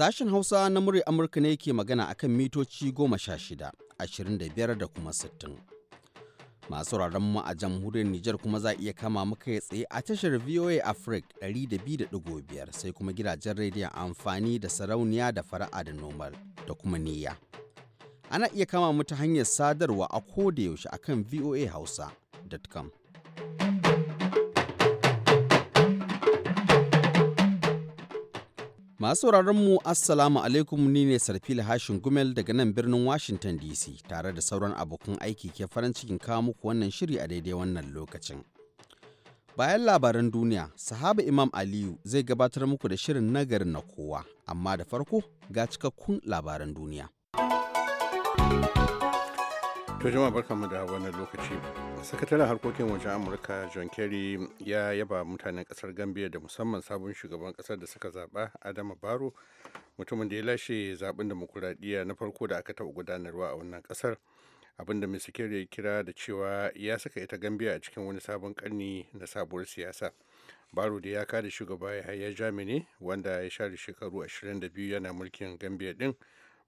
Sashen Hausa na murya Amurka ne ke magana a kan mitoci goma sha shida, ashirin da biyar da kuma sittin. Masu wuraren mu a jamhuriyar Nijar kuma za iya kama muka ya tsaye a tashar VOA Africa biyar sai kuma gidajen rediyon amfani da sarauniya da fara'a da nomal da kuma niyya. Ana iya kama mu ta hanyar sadarwa a koda yaushe akan voahausa.com. Masu mu Assalamu alaikum ni ne Sarfila Hashin Gumel daga nan birnin Washington DC tare da sauran abokan aiki ke farin cikin kawo muku wannan shiri a daidai wannan lokacin. Bayan labaran duniya, sahaba Imam Aliyu zai gabatar muku da shirin nagarin na kowa, amma da farko ga cikakkun labaran duniya. To jama'a barkanmu da wannan lokaci. Sakataren harkokin wajen Amurka John Kerry ya yaba mutanen kasar Gambia da musamman sabon shugaban kasar da suka zaba Adama Baro mutumin da ya lashe zaben demokuraɗiyya na farko da aka taɓa gudanarwa a wannan kasar. abinda mai Kerry ya kira da cewa ya saka ita Gambia a cikin wani sabon karni na sabuwar siyasa. Baro da ya kada shugaba ya Jamini wanda ya share shekaru 22 yana mulkin Gambia din.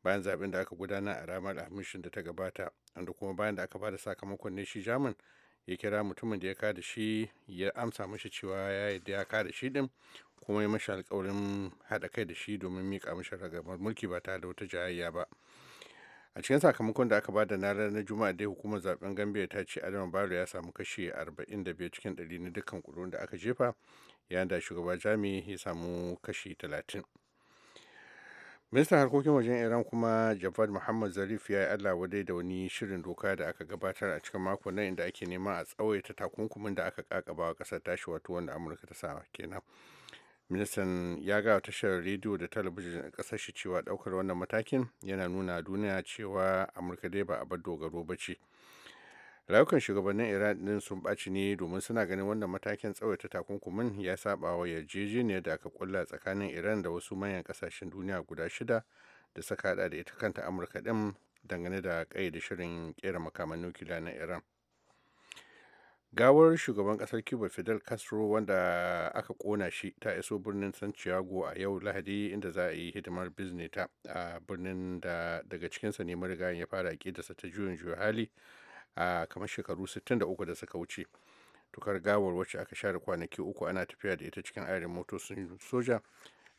bayan zaɓen da aka gudana a ranar alhamishin da ta gabata wanda kuma bayan da aka bada sakamakon ne shi jamin ya kira mutumin da ya kada shi ya amsa mashi cewa ya yadda ya kada shi din kuma ya mashi alkawarin haɗa kai da shi domin miƙa mashi ragamar mulki ba ta da wata jayayya ba a cikin sakamakon da aka bada na juma'a dai hukumar zaben gambia ta ce adama baro ya samu kashe 45 cikin 100 na dukkan kudin da aka jefa yayin da shugaba jami ya samu kashi 30 ministan harkokin wajen iran kuma javad muhammad zarif ya yi allah wadai da wani shirin doka da aka gabatar a cikin mako na inda ake nema a tsawaita takunkumin da aka kakaba a kasar tashi wato wanda amurka ta sa kenan ministan ya ga tashar rediyo da talabijin a kasar shi cewa daukar wannan matakin yana nuna duniya cewa amurka dai ba a bar dogaro ba ce rayukan shugabannin iran din sun ɓaci ne domin suna ganin wannan matakin tsawaita takunkumin ya saba wa yarjejeniyar da aka kulla tsakanin iran da wasu manyan kasashen duniya guda shida da suka hada da ita kanta amurka din dangane da kai da shirin kera makaman nukiliya na iran gawar shugaban kasar cuba fidel castro wanda aka kona shi ta iso birnin santiago a yau lahadi inda za a yi hidimar bizneta a birnin da daga cikinsa ne marigayen ya fara ƙidasa ta juyin juya hali a kamar shekaru 63 da suka wuce tukar gawar wacce aka share kwanaki uku ana tafiya da ita cikin ayarin motocin soja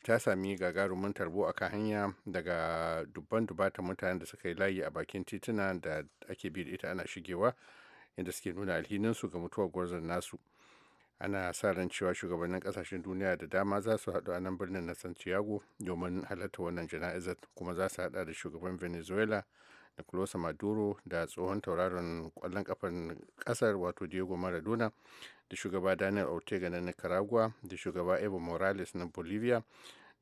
ta sami gagarumin tarbo a kan hanya daga dubban dubata mutanen da suka yi layi a bakin tituna da ake bi da ita ana shigewa inda suke nuna alhininsu ga mutuwar gwarzon nasu ana sa ran cewa shugabannin kasashen duniya da dama za su haɗu a nan birnin na santiago domin halarta wannan jana'izar kuma za su haɗa da shugaban venezuela nicolosa maduro da tsohon tauraron kwallon kafar kasar wato diego maradona da shugaba daniel ortega na nicaragua da shugaba evo morales na bolivia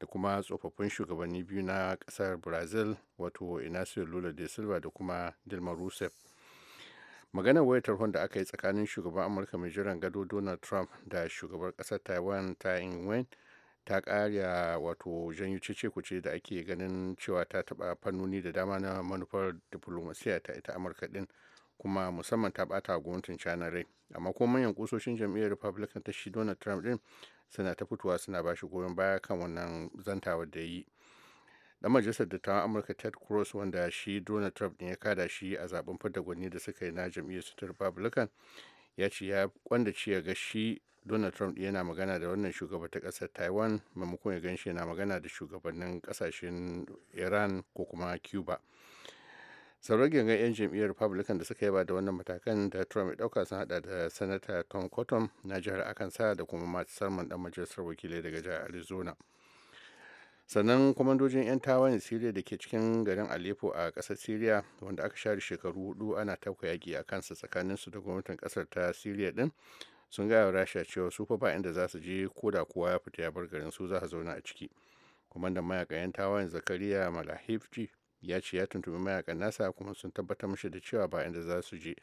da kuma tsofaffin shugabanni biyu na kasar brazil wato inacio lula da silva da kuma dilma rousseff maganar waya tarhon da aka yi tsakanin shugaban amurka mai jiran gado donald trump da shugabar kasar taiwan ta ing ta ƙarya wato janyo cece kuce da ake ganin cewa ta taɓa fannoni da dama na manufar diplomasiya ta ita amurka din kuma musamman ta ɓata gwamnatin china rai amma ko manyan kusoshin jam'iyyar republican ta shi donald trump din suna ta fitowa suna ba shi goyon baya kan wannan zantawa da yi dan majalisar dattawan amurka ted cross wanda shi donald trump ne ya kada shi a zaben fadda da suka yi na jam'iyyar su ta republican ya ce ya kwanda ci ya ga shi donald trump yana magana da wannan shugaba ta kasar taiwan maimakon ya ganshi yana magana da shugabannin kasashen iran ko kuma cuba sauran gangan 'yan jam'iyyar republican da suka yaba da wannan matakan da trump ya dauka sun hada da sanata tom cotton na jihar akansa da kuma matt salman dan majalisar wakilai daga jihar arizona sannan kwamandojin 'yan tawayen siriya da ke cikin garin aleppo a kasar siriya wanda aka share shekaru hudu ana tauka yaki a kansa tsakaninsu da gwamnatin kasar ta siriya din sun gaya wa rasha cewa su fa ba inda za su je ko da kowa ya fita ya bar garin su za su zauna a ciki kwamandan mayakan yan tawayen zakariya malahifji ya ce ya tuntubi mayakan nasa kuma sun tabbatar mishi da cewa ba inda za su je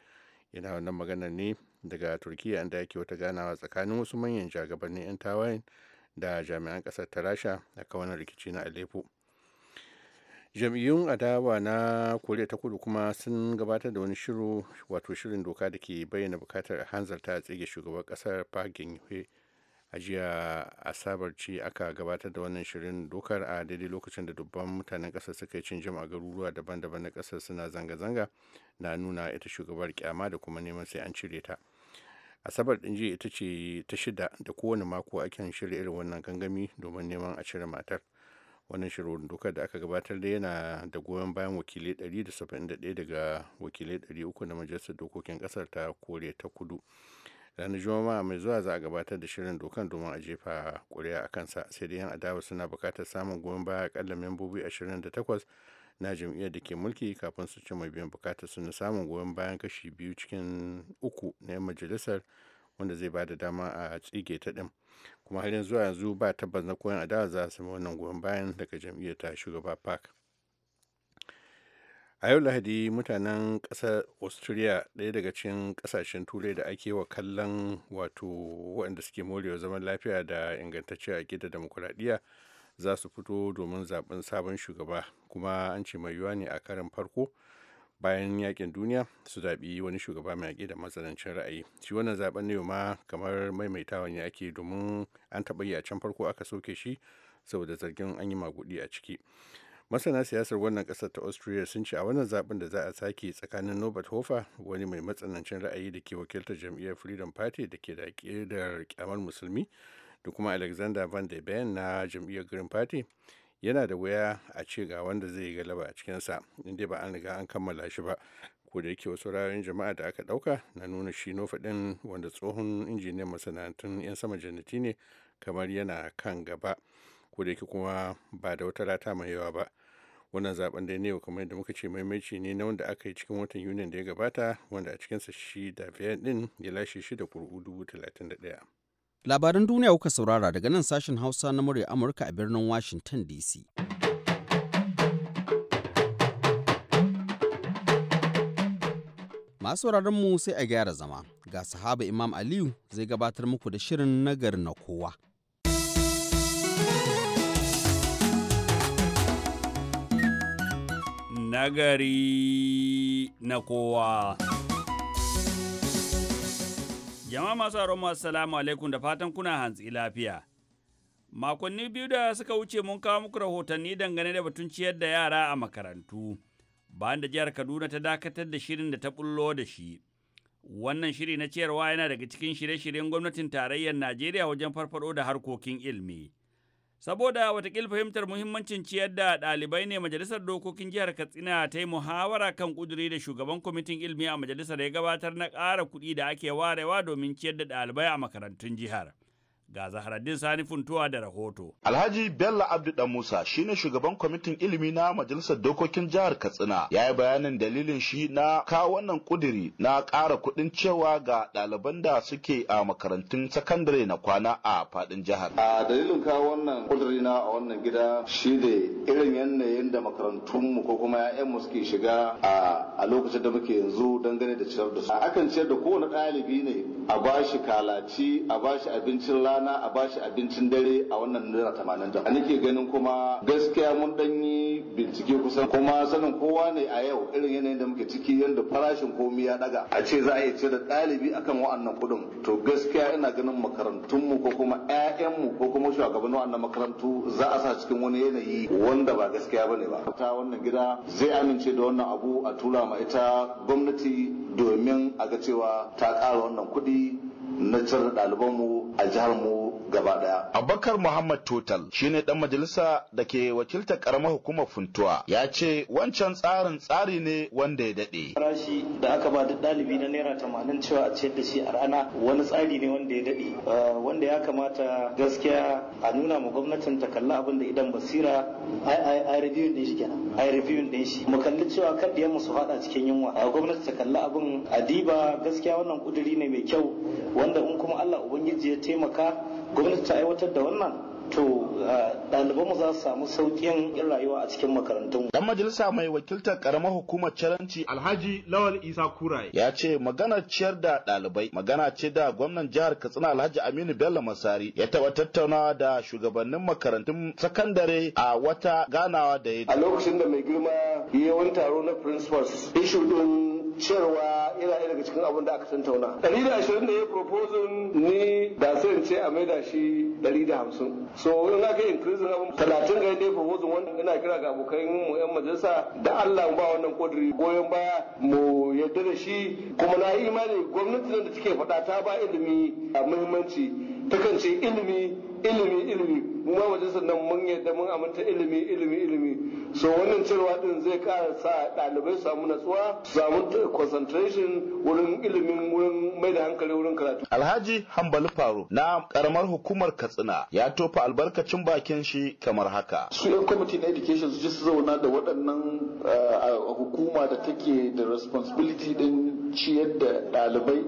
yana wannan maganar ne daga turkiya inda yake wata ganawa tsakanin wasu manyan jagabannin yan tawayen da jami'an kasar ta rasha a kawanan rikici na aleppo jam'iyyun adawa na koriya ta kudu kuma sun gabatar da wani shiru wato shirin doka da ke bayyana bukatar hanzarta a tsige shugaban kasar park geun a jiya asabar ce aka gabatar da wannan shirin dokar a daidai lokacin da dubban mutanen kasar suka yi cin a garuruwa daban-daban na kasar suna zanga-zanga na nuna ita shugabar kyama da kuma neman sai an cire ta asabar din jiya ita ce ta shida da kowane mako akan shirya irin wannan gangami domin neman a cire matar wannan shirin doka da aka gabatar da yana da goyon bayan wakilai 171 daga wakilai 300 na majalisar dokokin kasar ta kore ta kudu ranar juma'a mai zuwa za a gabatar da shirin dokan domin a jefa kuri'a a kansa sai dai yan adawa suna bukatar samun goyon baya akalla membobi 28 na jam'iyyar da ke mulki kafin su ci mai biyan bukatar suna samun goyon bayan kashi biyu cikin uku na yan majalisar wanda zai ba da dama a tsige ta ɗin kuma har yanzu yanzu ba tabbas na koyon adawa za su wannan goyon bayan daga jam'iyyar ta shugaba park a yau lahadi mutanen ƙasar australia ɗaya daga cikin ƙasashen turai da ake wa kallon wato waɗanda suke morewa zaman lafiya da ingantacciya a gida demokuraɗiyya za su fito domin zaben sabon shugaba kuma an ce mai yiwuwa ne a karin farko bayan yakin duniya su zaɓi wani shugaba mai yaƙi da matsanancin ra'ayi shi wannan zaɓen ne ma kamar maimaitawa ne ake domin an taɓa yi a can farko aka soke shi saboda zargin an yi maguɗi a ciki masana siyasar wannan ƙasar ta austria sun ce a wannan zaɓen da za a sake tsakanin nobert hofer wani mai matsanancin ra'ayi da ke wakiltar jam'iyyar freedom party da ke da kyamar musulmi da kuma alexander van de ben na jam'iyyar green party yana da wuya a ce ga wanda zai yi galaba a cikinsa inda ba an riga an kammala shi ba ko da yake wasu rayuwar jama'a da aka ɗauka na nuna shi din wanda tsohon injiniyan masana'antun 'yan sama jannati ne kamar yana kan gaba ko da yake kuma ba da wata rata mai yawa ba wannan zaben da ne kamar yadda muka ce maimaici ne na wanda aka yi cikin watan yunin da ya gabata wanda a cikinsa shi da din ya lashe shi da kuru'u dubu talatin da ɗaya. Labaran duniya kuka saurara daga nan sashen Hausa na murya Amurka a birnin Washington DC. Masu mu sai a gyara zama, ga sahaba Imam Aliyu zai gabatar muku da shirin nagar na kowa. Nagari na kowa. Jama'a masu aron masu salamu alaikum da fatan kuna hantsi lafiya. Makonni biyu da suka wuce mun kawo muku rahotanni dangane da batun ciyar da yara a makarantu, bayan da jihar Kaduna ta dakatar da shirin da ta bullo da shi. Wannan shiri na ciyarwa yana daga cikin shirye-shiryen gwamnatin tarayyar Najeriya wajen farfado da harkokin ilimi. Saboda watakil fahimtar muhimmancin ciyar da ɗalibai ne Majalisar Dokokin Jihar Katsina ta yi muhawara kan kuduri da shugaban kwamitin ilimi a majalisar ya gabatar na ƙara kuɗi da ake warewa domin ciyar da ɗalibai a makarantun jihar. Ga Zaharaddin Sani Funtuwa da rahoto. Alhaji Bello Abdu Dan Musa shine shugaban kwamitin ilimi na Majalisar Dokokin Jihar Katsina. Ya yi bayanin dalilin shi na kawo wannan kuduri na ƙara kuɗin cewa ga ɗaliban da suke a makarantun sakandare na kwana a faɗin jihar. A dalilin kawo wannan kuduri na a wannan gida shi ne irin yanayin da makarantunmu ko kuma mu suke shiga a lokacin da muke yanzu dangane da ciyar da su. Akan ciyar da kowane ɗalibi ne a ba shi kalaci a ba shi abincin rana a ba shi abincin dare a wannan naira tamanin da nake ganin kuma gaskiya mun dan yi bincike kusan kuma sanin kowa ne a yau irin yanayin da muke ciki yadda farashin komi ya daga a ce za a iya da ɗalibi akan wa'annan kuɗin to gaskiya ina ganin makarantunmu ko kuma 'ya'yanmu ko kuma shugaban wa'annan makarantu za a sa cikin wani yanayi wanda ba gaskiya bane ba ta wannan gida zai amince da wannan abu a tura ma ita gwamnati domin a ga cewa ta ƙara wannan kuɗi na cire ɗalibanmu a jihar mu gaba daya. Abubakar Muhammad Total shine dan majalisa da ke wakiltar karamar hukumar Funtuwa ya ce wancan tsarin tsari ne wanda ya dade. Farashi da aka ba da dalibi na naira tamanin cewa a ciyar da shi a rana wani tsari ne wanda ya dade uh, wanda ya kamata gaskiya a nuna ma gwamnatin ta kalla abin da idan basira ai review din shi kenan ai din shi mu kalli cewa kar da su hada cikin yunwa A uh, gwamnati ta kalli abin adiba gaskiya wannan kuduri ne mai kyau wanda in kuma Allah ubangiji ya taimaka gwamnati ta aiwatar da wannan to uh, mu za su samu sauƙin yin rayuwa a cikin makarantun. Dan majalisa mai wakiltar karamar hukumar Caranci Alhaji Lawal Isa Kuraye ya ce magana ciyar da ɗalibai magana ce da gwamnan jihar Katsina Alhaji Aminu Bello Masari ya taɓa tattaunawa da shugabannin makarantun sakandare a wata ganawa da ya. A lokacin da mai girma yawan taro na principals issue ɗin cewa yana ɗaya daga cikin abin da aka tantauna ɗari da ashirin da ya proposal ni da sai ce a maida shi ɗari da hamsin so in kai increase abin talatin ga yadda ya proposal wanda ina kira ga abokan mu yan majalisa da Allah ba wannan kodiri goyon baya mu yadda da shi kuma na yi imani nan da take faɗa ta ba ilimi a muhimmanci ta kan ce ilimi ilimi ilimi mu ma majalisar nan mun yadda mun aminta ilimi ilimi ilimi so wannan cewa din zai ƙara sa ɗalibai samu natsuwa samu concentration wurin ilimin wurin mai da hankali wurin karatu alhaji hambali faru na karamar hukumar katsina ya tofa albarkacin bakin shi kamar haka su yan kwamiti na education su ji su zauna da waɗannan eh, hukuma da take da responsibility din ciyar da ɗalibai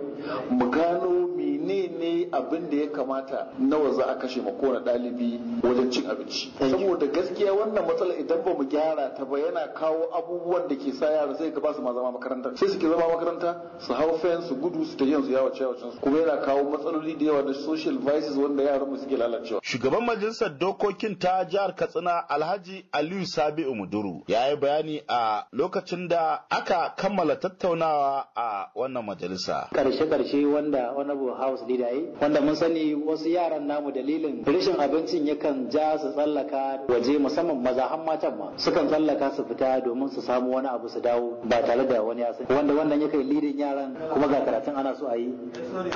mu gano ne abin da ya kamata nawa za a kashe kowane ɗalibi wajen cin abinci saboda gaskiya wannan matsala idan ba mu gyara ta ba yana kawo abubuwan da ke sa yara sai ka ba su ma zama makaranta sai suke zama makaranta su hau fen su gudu su ta su yawo cewacin su kuma yana kawo matsaloli da yawa da social vices wanda yaran mu ke lalacewa shugaban majalisar dokokin ta jihar Katsina Alhaji Aliyu Sabi Umuduru ya yi bayani a lokacin da aka kammala tattaunawa a wannan majalisa karshe karshe wanda wani su didaye wanda mun sani wasu yaran namu dalilin rashin abincin yakan ja su tsallaka waje musamman maza har matan ma sukan tsallaka su fita domin su samu wani abu su dawo ba tare da wani asiri wanda wannan kai lidin yaran kuma ga karatun ana so a yi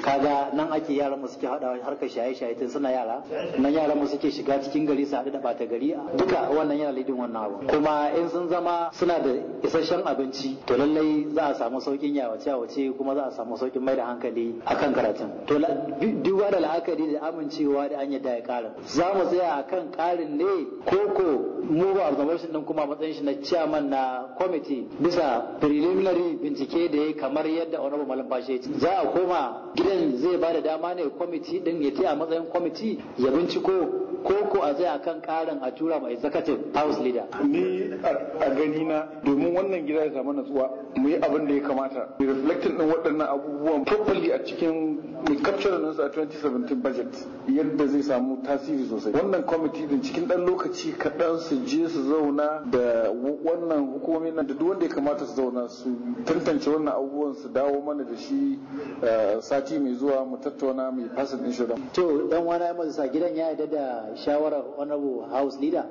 kaga nan ake yaran mu suke hadawa harkar shaye-shaye tun suna yara nan yaran mu suke shiga cikin gari su haɗu da bata gari duka wannan yana lidin wannan abu kuma in sun zama suna da isasshen abinci to lallai za a samu saukin yawace-yawace kuma za a samu saukin mai da hankali akan karatun to duk wani la'akari da amincewa da an yadda ya ƙarin. za mu tsaya a kan karin ne koko mu ba shi din kuma matsayin shi na ciyaman na kwamiti. bisa preliminary bincike da ya kamar yadda honorable malam bashi za a koma gidan zai ba da dama ne kwamiti din ya a matsayin kwamiti ya binciko koko a zai akan karin a tura mai zakatin house leader ni a gani na domin wannan gida ya zama natsuwa mu yi abin da ya kamata mu reflecting din waɗannan abubuwan properly a cikin mu capture nan a 2017 budget yadda zai samu tasiri sosai wannan committee din cikin dan lokaci kaɗan su je su zauna da wannan hukumomi nan da duk wanda ya kamata su zauna su tantance wannan abubuwan su dawo mana da shi eh, sati mai zuwa mu tattauna mu yi din shi to dan wani ya sa gidan ya yarda da shawarar honorable house leader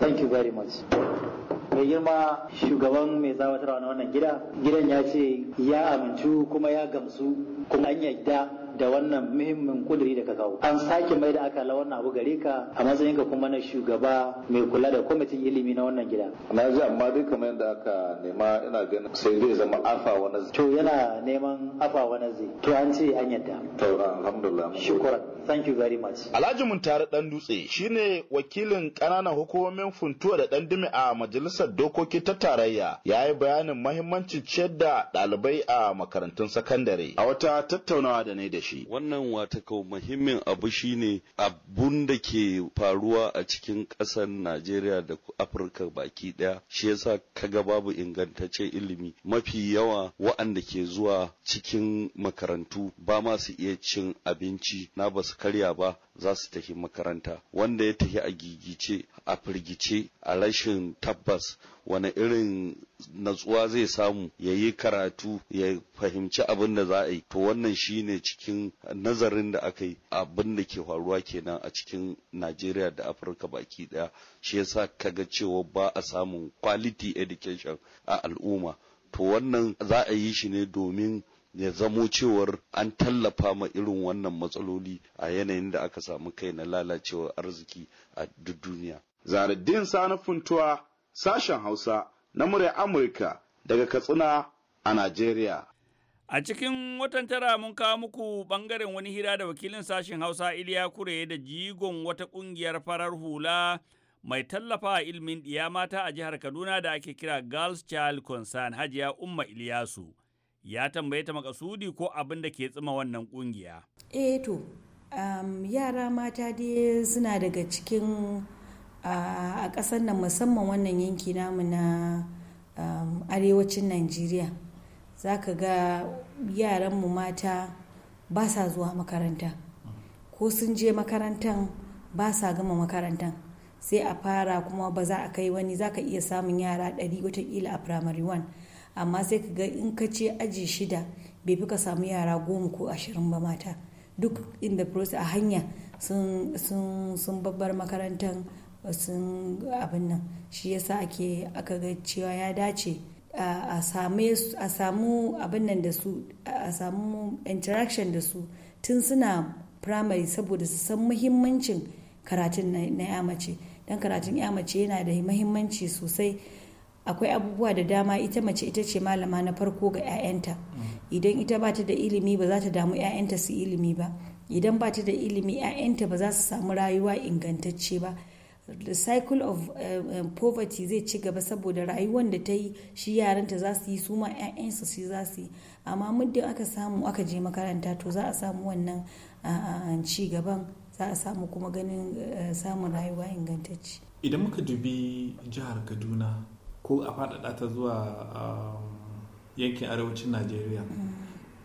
thank you very much mai girma shugaban mai zawatarwa na wannan gida gidan ya ce ya amincu kuma ya gamsu kuma an yadda da wannan muhimmin kuduri da ka kawo an sake mai da la wannan abu gare ka a matsayin ka kuma na shugaba mai kula da kwamitin ilimi na wannan gida na ji amma dai kamar yadda aka nema ina ganin sai zai zama afa wani zai. to yana neman afa wani zai to an ce an yadda to alhamdulillah shukran thank you very much alhaji muntari dan dutse shine wakilin kananan hukumomin funtuwa da dan dumi a majalisar dokoki ta tarayya yayi bayanin mahimmancin ciyar da ɗalibai a makarantun sakandare a wata tattaunawa da ne da shi wannan watakau muhimmin abu shine abun da ke faruwa a cikin ƙasar Najeriya da Afirka baki ɗaya shi yasa kaga babu ingantaccen ilimi mafi yawa wa'anda ke zuwa cikin makarantu ba masu iya cin abinci na ba su karya ba za su tafi makaranta wanda ya tafi a gigice a firgice a rashin tabbas wani irin natsuwa zai samu ya yi karatu ya fahimci abin da za a yi to wannan shi ne cikin nazarin da aka yi abin da ke faruwa kenan a cikin najeriya da afirka baki daya shi yasa kaga cewa ba a samun quality education a al'umma to wannan za a yi shi ne domin ya zamo cewar an tallafa ma irin wannan matsaloli a yanayin da aka samu kai na lalacewar arziki a duk duniya. Zaradin sanufuntuwa Funtuwa, sashen Hausa na murya Amurka daga Katsina a Najeriya. A cikin watan tara mun kawo muku bangaren wani hira da wakilin sashen Hausa Iliya Kure da jigon wata kungiyar farar hula mai tallafa a ilimin ɗiya mata a jihar Kaduna da ake kira Girls Child Concern Hajiya Umma Iliyasu. Ya tambaye ta makasudi ko abin da ke tsima wannan kungiya. Eh to, yara mata dai suna daga cikin a ƙasar nan musamman wannan yanki namu na um, arewacin najeriya za ka ga yaranmu mata ba sa zuwa makaranta ko sun je makarantan ba sa gama makarantan sai a fara kuma ba za a kai wani za ka iya samun yara 100 watakila a primary 1 amma sai ka ga in ka ce aji shida bai fi ka samu yara goma ko ashirin ba mata duk in the process a hanya sun babbar makarantar sun abin nan shi yasa ake aka ga cewa ya dace a samu abin nan da su a samu interaction da su tun suna primary saboda su san muhimmancin karatun na ya mace don karatun ya mace yana da muhimmanci sosai akwai abubuwa da dama ita mace ita ce malama na farko ga 'ya'yanta mm-hmm. idan ita ba ta da ilimi ba za ta damu 'ya'yanta su ilimi ba idan ba ta da ilimi 'ya'yanta ba za su samu rayuwa ingantacce ba the cycle of um, um, poverty zai ci gaba saboda rayuwar da ta yi shi yaranta za su yi su ma 'ya'yansu shi za su yi amma muddin aka samu aka je makaranta to za a samu wannan ci gaban za a samu kuma ganin eh, samun rayuwa ingantacci idan muka dubi jihar kaduna ko a faɗaɗa ta zuwa um, yankin arewacin najeriya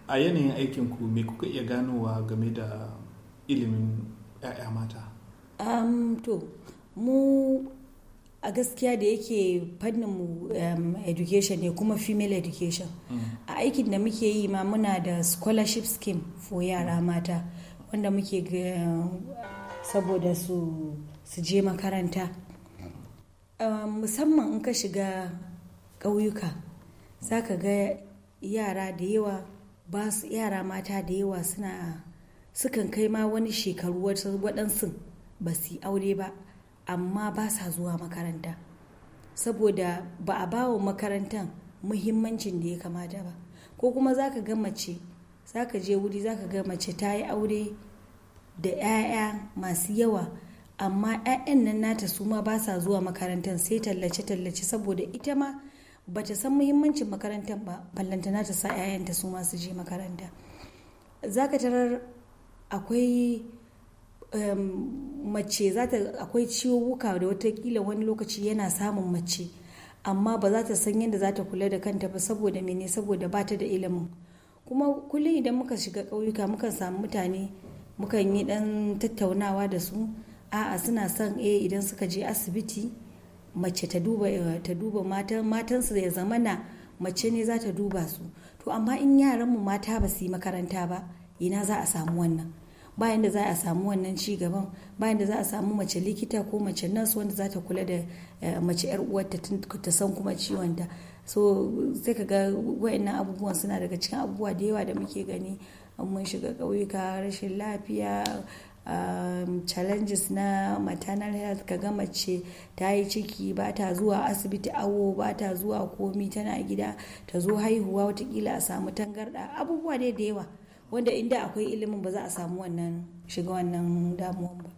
a yanayin aikin ku me kuka iya ganowa game da ilimin 'ya'ya mata um, to mu a gaskiya da yake fannin mu um, education ne kuma female education mm. a aikin da muke yi ma muna da scholarship scheme for yara mm. mata wanda muke saboda su je makaranta um, musamman in ka shiga ƙauyuka za ka ga yara da yawa ba su yara mata da yawa suna sukan kai ma wani shekaru waɗansu ba su aure ba amma ba sa zuwa makaranta saboda ba a ba wa makarantar muhimmancin da ya kamata ba ko kuma za ka ga mace za ka je wuri za ka ga mace ta yi aure da 'ya'ya masu yawa amma 'ya'yan nan nata su ma ba sa zuwa makarantar sai tallace-tallace saboda ita ma ba ta san muhimmancin makarantar ba ballanta nata sa 'ya'yanta su ma su je makaranta za ka tarar akwai Um, mace za ta akwai ciwuwuka da watakila wani lokaci yana samun mace amma ba za ta san yadda za ta kula da kanta ba saboda mene saboda ba ta da ilimin kuma kullum idan muka shiga ƙauyuka muka samu mutane muka yi ɗan tattaunawa da su a'a suna son eh idan suka je asibiti mace ta duba eh, ta duba matan matansu ya zamana mace ne za ta duba su to amma in yaran mu mata ba su yi makaranta ba ina za a samu wannan bayan da za a samu wannan ci gaban bayan da za a samu mace likita ko mace nurse wanda za ta kula da eh, mace yar uwarta ta san kuma ciwonta so sai ka ga wayannan abubuwan suna daga cikin abubuwa da yawa da muke gani mun shiga ƙauyuka rashin lafiya um, challenges na maternal health ka ga mace ta yi ciki ba ta zuwa asibiti awo ba ta zuwa komi tana gida ta zo haihuwa watakila a samu tangarɗa abubuwa dai da yawa wanda inda akwai ilimin ba za a samu wannan shiga wannan damuwan ba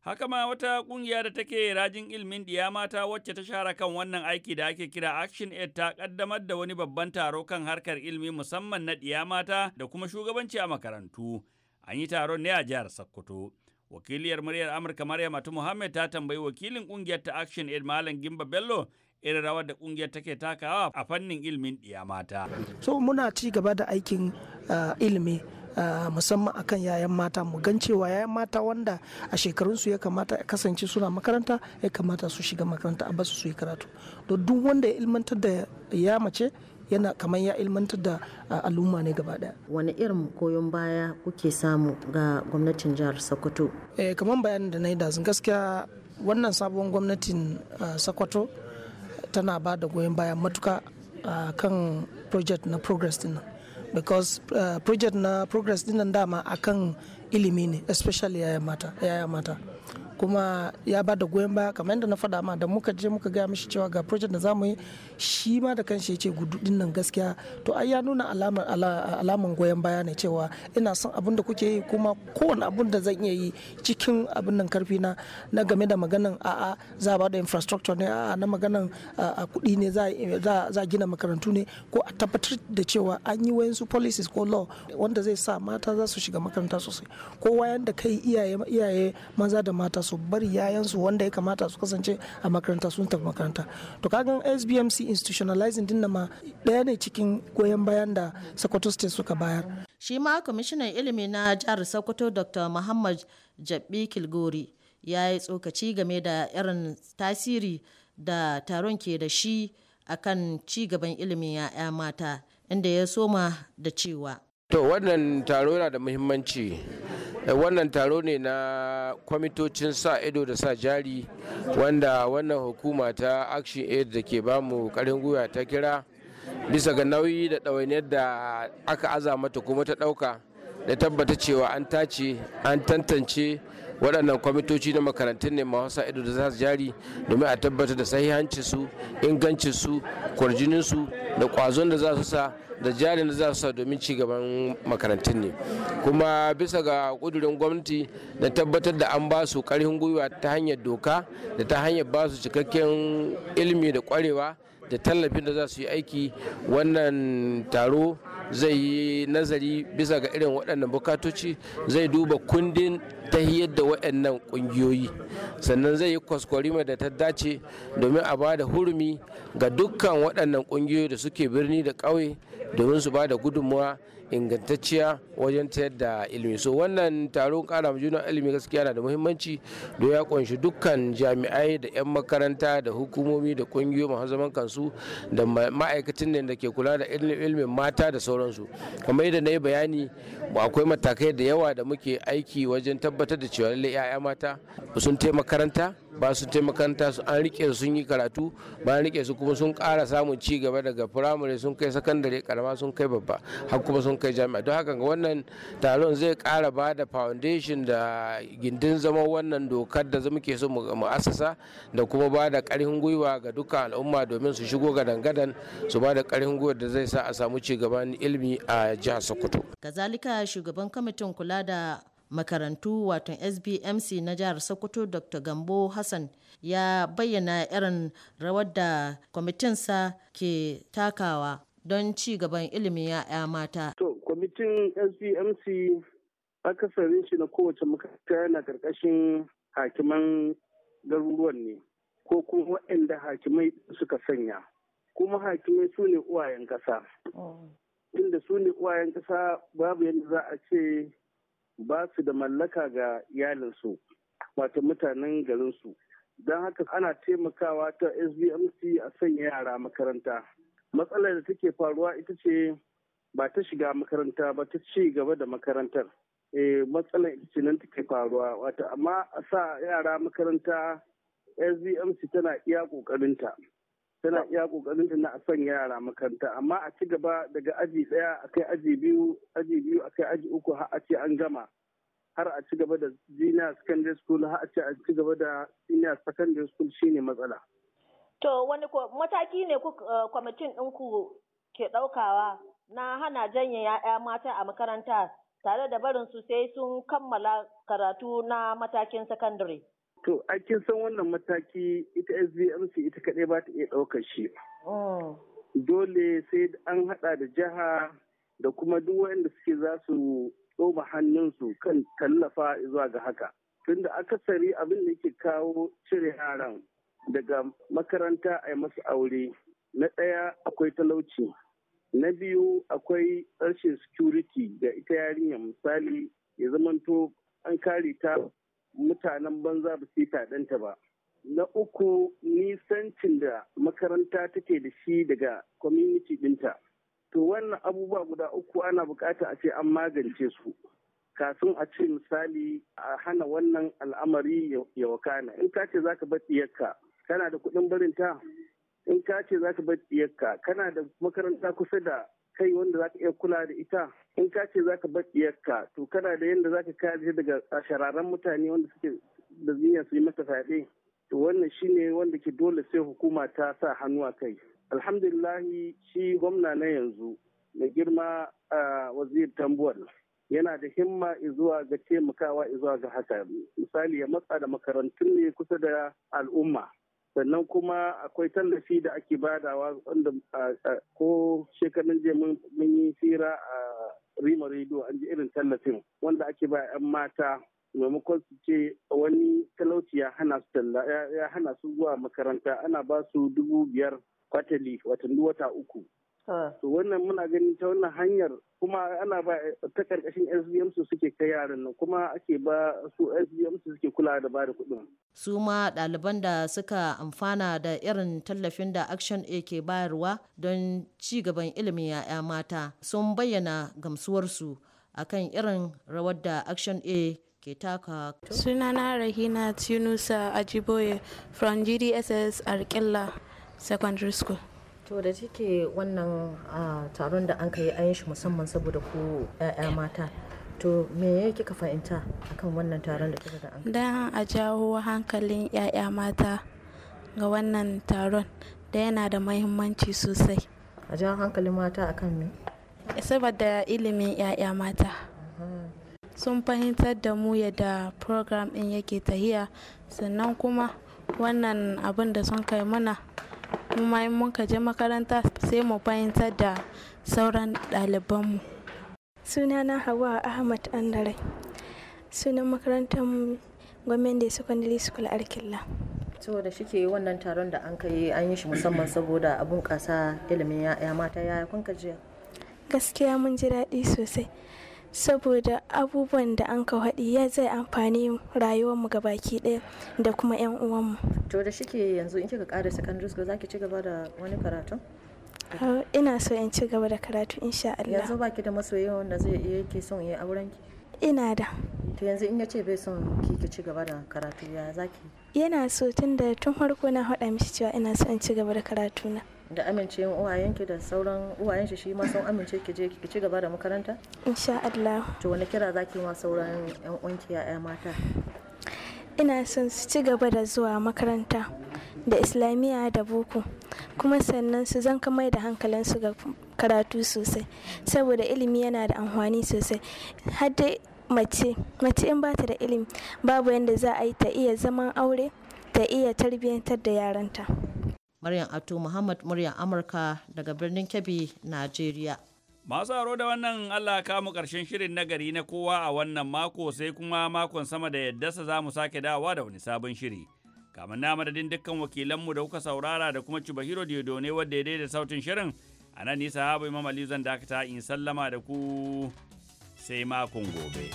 Haka ma wata kungiya da take rajin ilimin diya mata wacce ta shara kan wannan aiki da ake kira Action Aid ta kaddamar da wani babban taro kan harkar ilimi musamman na diya mata da kuma shugabanci a makarantu. An yi taron ne a jihar Sokoto. Wakiliyar muryar Amurka Maryam Atu Muhammad ta tambayi wakilin kungiyar ta Action Aid Malam Gimba Bello irin rawar da kungiyar take takawa a fannin ilimin ɗiya mata. So muna ci gaba da aikin ah, ilimi. Uh, musamman akan yayan mata mu gan cewa yayan mata wanda a shekarunsu ya kamata ya kasance suna makaranta ya kamata su shiga makaranta a basu su yi karatu don duk wanda ya ilmantar da ya mace yana kamar ya ilmantar da ah, al'umma ne gaba daya wani irin koyon baya kuke samu ga gwamnatin jihar sokoto eh kamar bayanin da na yi da gaskiya wannan sabuwar gwamnatin uh, tana ba da goyon baya matuka uh, kan project na progress din because uh, project na progress din nan dama akan ilimi ne especially yaya mata yaya mata kuma ya ba da goyon baya kamar yadda na faɗa ma da muka je muka gaya mishi cewa ga project da za mu yi shi ma da kanshi ya ce gududin nan gaskiya to ai ya nuna alaman goyon baya ne cewa ina son abin da kuke yi kuma kowane abin da zan iya yi cikin abin nan karfi na na game da maganan a'a za ba da infrastructure ne a'a na a kuɗi ne za gina makarantu ne ko a tabbatar da cewa an yi wayansu policies ko law wanda zai sa mata za su shiga makaranta sosai ko wayan da kai iyaye maza da mata su bari yayansu wanda ya kamata su kasance a makaranta sun tafi makaranta to kagan sbmc institutionalizing din ma daya ne cikin goyon bayan da sokoto state suka bayar shi ma kwamishinan ilimi na jihar sokoto dr muhammad jabi kilgori ya yi tsokaci game da irin tasiri da taron ke da shi akan ci gaban ilimin 'ya'ya mata inda ya soma da cewa To wannan taro yana da muhimmanci. Eh, wannan taro ne na kwamitocin sa ido da sa jari wanda wannan hukuma ta action aid da ke bamu karin gwiwa ta kira bisa ga nauyi da ɗawainiyar da aka aza mata kuma ta ɗauka da tabbata cewa an tace an tantance waɗannan kwamitoci na makarantun ne masu ido da za su jari domin a tabbatar da sahihancin su ingancin su kwarjinin su da kwazon da za su sa da jarin da za su sa domin ci gaban makarantun ne kuma bisa ga kudurin gwamnati da tabbatar da an ba su karfin gwiwa ta hanyar doka da ta hanyar ba su cikakken ilimi da kwarewa da tallafin da za su yi aiki wannan taro zai yi nazari bisa ga irin waɗannan bukatoci zai duba kundin ta hiyar da waɗannan ƙungiyoyi sannan zai yi kwaskwarima da ta dace domin a ba da hurumi ga dukkan waɗannan ƙungiyoyi da suke birni da ƙauye domin su ba da gudunmawa ingantacciya wajen ta da ilimi so wannan taron kara juna ilimi gaskiya na da muhimmanci da ya kunshi dukkan jami'ai da 'yan makaranta da hukumomi da kungiyoyi masu zaman kansu da ma'aikatan da ke kula da ilimin mata da sauransu kamar yadda na yi bayani akwai matakai da yawa da muke aiki wajen tabbatar da cewa lallai 'ya'ya mata sun taimaka makaranta ba su taimakanta su an rike sun yi karatu ba an rike su kuma sun kara samun ci gaba daga firamare sun kai sakandare karama sun kai babba har kuma sun kai jami'a don haka wannan taron zai kara ba da foundation da gindin zama wannan dokar da ke so mu asasa da kuma ba da karfin gwiwa ga duka al'umma domin su shigo ga dangadan su ba da karfin gwiwa da zai sa a samu ci gaban ilimi a jihar Sokoto. Kazalika shugaban kamitin kula da makarantu wato sbmc na jihar sokoto dr gambo hassan ya bayyana irin rawar da kwamitinsa ke takawa don ci gaban ilimin 'ya'ya mata to kwamitin sbmc akasarin shi na kowace makaranta yana karkashin hakiman garuruwan ne ko kuma waɗanda hakimai suka sanya kuma hakimai su ne uwayen ƙasa oh. inda su ne uwayen ƙasa babu yadda za a ce ba su da mallaka ga iyalinsu wato mutanen garinsu don haka ana taimakawa ta sbmc a sanya yara makaranta matsalar da take faruwa ita ce ba ta shiga makaranta ba ta ci gaba da makarantar e, matsalar ita ce nan take faruwa wato amma a sa yara makaranta sbmc tana iya ƙoƙarinta tana iya kokarin da na a sanya yara makaranta amma a ci gaba daga aji daya akai aji biyu aji biyu akai aji uku har a ce an gama har a ci gaba da junior secondary school har a ce a ci gaba da senior secondary school shine matsala to wani mataki ne eh, kwamitin ɗinku ke ɗaukawa na hana janye ya'ya mata a makaranta tare da barin su sai sun kammala karatu na matakin sakandare. To, a kin san wannan mataki ita SVMC ita kaɗai ba ta iya ɗaukar shi. Oh. Dole sai an haɗa da jiha da kuma duk waɗanda suke za su tsoma hannunsu kan tallafa zuwa ga haka. Tunda akasari abin da yake kawo cire yaran daga makaranta a yi masu aure. Na ɗaya akwai talauci. Na biyu akwai rashin security ga ita yarinya misali ya zamanto an kare ta mutanen banza ba su yi ta ba. Na uku nisancin da makaranta take da shi daga community ɗinta. To wannan abubuwa guda uku ana bukata a ce an magance su. Kafin a ce misali a hana wannan al'amari ya wakana. In ka ce za ka bar ɗiyarka, kana da kuɗin barinta? In ka ce za ka bar ɗiyarka, kana da makaranta kusa da kai wanda za ka iya kula da ita in ka ce za ka bar diyarka to kana da yadda za ka kare daga shararan mutane wanda suke da zuniya su yi mata fyaɗe to wannan shine wanda ke dole sai hukuma ta sa hannu a kai alhamdulillahi shi gwamna na yanzu Na girma a wazir Tambuwar. yana da himma zuwa ga taimakawa zuwa ga haka misali ya matsa da makarantun ne kusa da al'umma sannan kuma akwai tallafi da ake badawa wanda ko shekarun jiya mun yi fira a rima rediyo an ji irin tallafin wanda ake ba 'yan mata maimakon su ce wani talauci ya hana su ya hana su zuwa makaranta ana ba su dubu biyar kwatali watan wata uku to wannan muna ganin ta wannan hanyar kuma ana ba ta karkashin SDM su suke kai yaran nan kuma ake ba su SDM suke kula da ba da kuɗin. Su ma ɗaliban da suka amfana da irin tallafin da Action A ke bayarwa don ci gaban ilimin 'ya'ya mata sun bayyana gamsuwarsu akan irin rawar da Action A ke taka. Sunana Rahina Tunusa Ajiboye from GDSS Arkilla Secondary School. to da cike wannan taron da an yi an shi musamman saboda ku 'ya'ya mata to me kika fahimta akan wannan taron da kika da an dan a jawo hankalin 'ya'ya mata ga wannan taron da yana da mahimmanci sosai a jawo hankalin mata akan me saboda ilimin 'ya'ya mata sun fahimtar da mu yadda program din yake tahiya sannan kuma wannan abin da sun kai mana kuma in muka je makaranta sai mu fahimtar da sauran ɗalibanmu sunana hawa ahmad andarai sunan makarantar gwamnati secondary school arkilla to da shike wannan taron da an kai an yi shi musamman saboda a ƙasa ilimin ya mata ya kun jiya gaskiya mun ji daɗi sosai saboda abubuwan da an ka haɗi ya zai amfani rayuwarmu ga baki ɗaya da kuma 'yan uwanmu. To da shike yanzu in kika ƙara secondary school za ki ci gaba da wani karatu? Ina so in ci gaba da karatu insha Allah. Yanzu baki da masoyi wanda zai iya ki son yi auren ki? Ina da. To yanzu in ya ce bai son ki ki ci gaba da karatu ya zaki? Yana so tun da tun farko na haɗa mishi cewa ina so in ci gaba da karatu na. da amince uwayenki da sauran uwayen shi ma sun amince ki je ki ci gaba da makaranta insha Allah to wani kira zaki ma sauran yan uwanki ya mata ina son su ci gaba da zuwa makaranta da islamiyya da boko kuma sannan su zan kamar da su ga karatu sosai saboda ilimi yana da amfani sosai har dai mace mace in bata da ilimi babu yadda za a yi ta iya zaman aure ta iya tarbiyyantar da yaranta Maryam Ato Muhammad murya Amurka daga birnin Kebbi, Najeriya. Masu aro da wannan Allah kamu karshen shirin na gari na kowa a wannan mako sai kuma makon sama da yaddasa za mu sake dawa da wani sabon shiri. Kamar na madadin dukkan wakilanmu da kuka saurara da kuma Cibahiro Diodo ne wadda ya daida sautin shirin a nan nisa habu Imam zan dakata in sallama da ku sai makon gobe.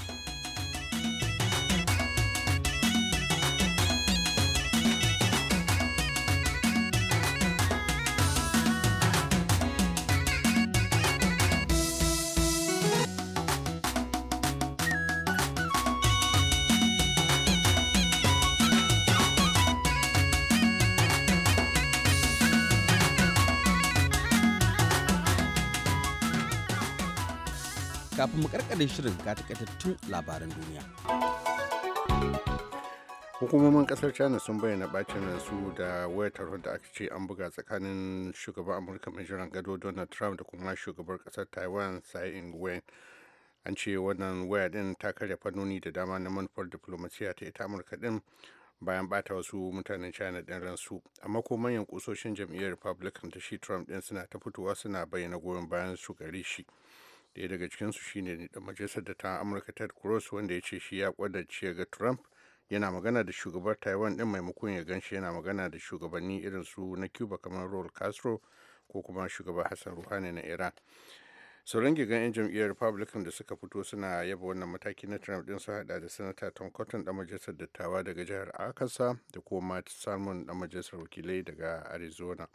kafin mu karkare shirin ga takaitattun labaran duniya. hukumomin kasar china sun bayyana bacin ransu da wayar tarho da aka ce an buga tsakanin shugaban amurka mai jiran gado donald trump da kuma shugabar kasar taiwan tsai ing-wen an ce wannan waya din ta karya fannoni da dama na manufar diplomasiya ta ita amurka din bayan bata wasu mutanen china din ransu amma ko manyan kusoshin jam'iyyar republican ta shi trump din suna ta fitowa suna bayyana goyon bayan su gare shi daya daga cikinsu shine da majalisar da ta amurka ted cross wanda ya ce shi ya kwadace ga trump yana magana da shugabar taiwan ɗin maimakon ya ganshi yana magana da shugabanni irin su na cuba kamar raul castro ko kuma shugabar hassan ruhani na iran sauran gigan 'yan jam'iyyar republican da suka fito suna yaba wannan mataki na trump din sun hada da sanata tom cotton da majalisar dattawa daga jihar arkansas da kuma matt salmon da majalisar wakilai daga arizona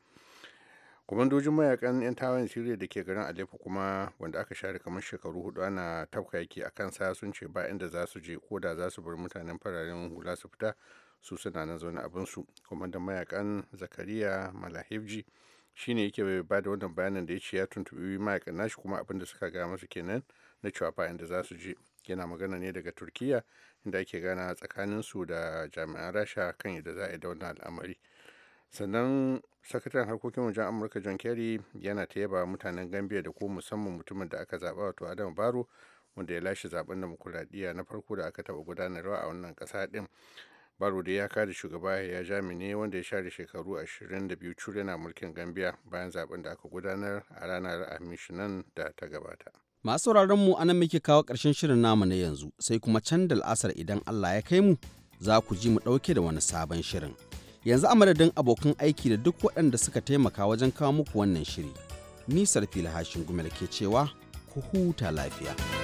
kwamandojin mayakan 'yan tawayen siriya da ke garin aleppo kuma wanda aka share kamar shekaru hudu ana tafka yake a kansa sun ce ba inda za su je ko da za su bar mutanen fararen hula su fita su suna nan zaune abinsu kwamandan mayakan zakariya malahibji shine yake ba da wannan bayanin da ya ce ya tuntubi mayakan nashi kuma abin da suka gaya masu kenan na cewa ba inda za su je yana magana ne daga turkiya inda ake gana tsakanin su da jami'an rasha kan yadda za a yi da wannan al'amari sannan sakataren harkokin wajen amurka john kerry yana ta yaba mutanen gambia da ko musamman mutumin da aka zaɓa wato adam baro wanda ya lashe zaben demokuraɗiyya na farko da aka taɓa gudanarwa a wannan ƙasa ɗin baro da ya kada shugaba ya jami wanda ya share shekaru 22 cur yana mulkin gambia bayan zaben da aka gudanar a ranar amishinan da ta gabata masu sauraron mu anan muke kawo ƙarshen shirin namu na yanzu sai kuma can da la'asar idan allah ya kai mu za ku ji mu ɗauke da wani sabon shirin Yanzu a madadin abokan aiki da duk waɗanda suka taimaka wajen kawo muku wannan shiri. Nisar fili hashin gumel ke cewa ku huta lafiya.